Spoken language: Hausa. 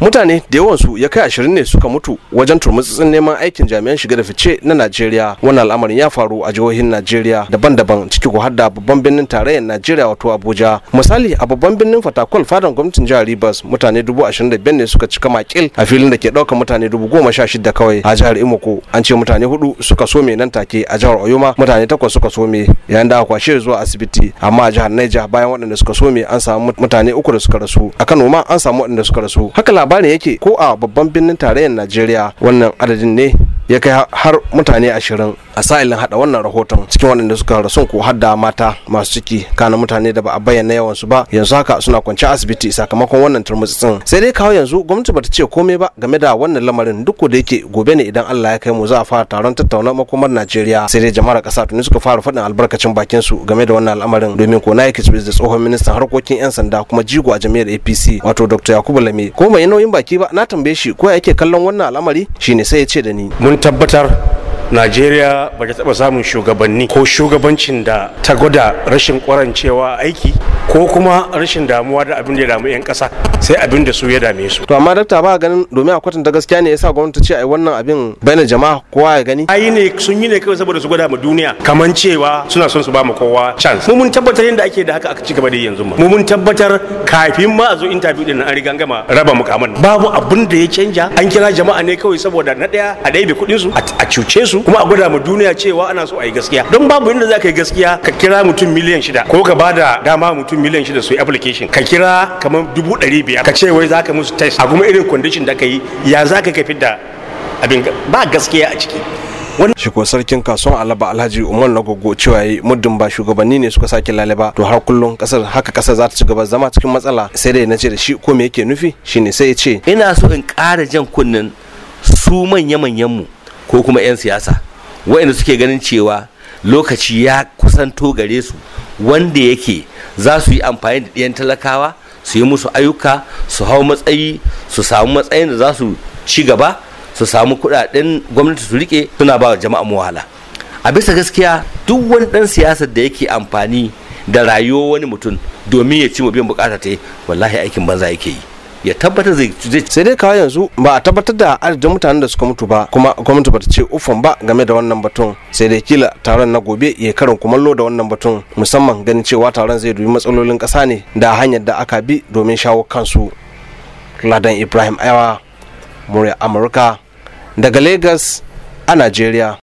mutane da yawan su ya kai ashirin ne suka mutu wajen turmutsutsin neman aikin jami'an shiga da fice na najeriya wannan al'amarin ya faru a jihohin najeriya daban-daban ciki ko da babban birnin tarayyar najeriya wato abuja misali a babban birnin fatakwal fadan gwamnatin jihar rivers mutane dubu ashirin da biyar ne suka cika makil a filin da ke ɗaukar mutane dubu goma sha shida kawai a jihar imoko an ce mutane hudu suka some nan take a jihar oyoma mutane takwas suka some yayin da aka kwashe zuwa asibiti amma a jihar naija bayan waɗanda suka some an samu mutane uku da suka rasu a kano ma an samu waɗanda suka rasu haka labarin yake ko a babban birnin tarayyar najeriya wannan adadin ne ya kai har mutane ashirin a sa'ilin hada wannan rahoton cikin wadanda suka rasu ko hadda mata masu ciki kana mutane da ba a bayyana su ba yanzu haka suna kwance asibiti sakamakon wannan turmutsin sai dai kawo yanzu gwamnati bata ce komai ba game da wannan lamarin duk da yake gobe ne idan Allah ya kai mu za a fara taron tattauna makomar Najeriya sai dai jama'ar kasa tuni suka fara faɗin albarkacin bakin su game da wannan al'amarin domin ko na yake da tsohon ministan harkokin 'yan sanda kuma jigo a jami'ar APC wato Dr. Yakubu lami ko mai nauyin baki ba na tambaye shi ko yake kallon wannan al'amari shine sai ya ce da ni tabbatar najeriya ba ta taba samun shugabanni ko shugabancin da ta gwada rashin kwarancewa aiki ko kuma rashin damuwa da abin da ya damu 'yan kasa sai abin da su ya dame su to amma dakta ba ganin domin a kwatanta gaskiya ne yasa gwamnati ce ai wannan abin bayan jama'a kowa ya gani ayi ne sun yi ne kawai saboda su gwada mu duniya kaman cewa suna son su ba mu kowa chance mu mun tabbatar yadda ake da haka aka ci gaba da yanzu mu mu mun tabbatar kafin ma a zo interview din an riga gama raba mukaman babu abin da ya canja an kira jama'a ne kawai saboda na daya a daibe kuɗin su a cuce su su kuma a gwada mu duniya cewa ana so a yi gaskiya don babu inda za ka yi gaskiya ka kira mutum miliyan shida ko ka ba da dama mutum miliyan shida su yi application ka kira kamar dubu ɗari biyar ka ce wai za ka musu test a kuma irin condition da ka yi ya za ka kafi da abin ba gaskiya a ciki shi ko sarkin kasuwan alaba alhaji umar na gogo cewa yi muddin ba shugabanni ne suka sake lalaba to har kullum kasar haka kasar za ta ci gaba zama cikin matsala sai dai na ce da shi ko me yake nufi shine sai ya ce ina so in ƙara jan kunnen su manya manyan mu ko kuma 'yan siyasa waɗanda suke ganin cewa lokaci ya kusanto gare su wanda yake za su yi amfani da ɗiyan talakawa su yi musu ayyuka su hau matsayi su samu matsayin da za su ci gaba su samu kuɗaɗen gwamnati su rike suna ba wa jama'a wahala a bisa gaskiya duk wani ɗan siyasar da yake amfani da rayuwar wani mutum domin ya ci mu biyan bukata ta yi wallahi aikin banza yake yi ya tabbatar zai sai dai kawai yanzu ba a tabbatar da adadin mutanen da suka mutu ba kuma gwamnati ba ta ce ufan ba game da wannan batun sai dai kila taron na gobe ya karin kumallo da wannan batun musamman ganin cewa taron zai dubi matsalolin ƙasa ne da hanyar da aka bi domin shawo kansu ladan ibrahim aiwa murya amurka daga lagos a najeriya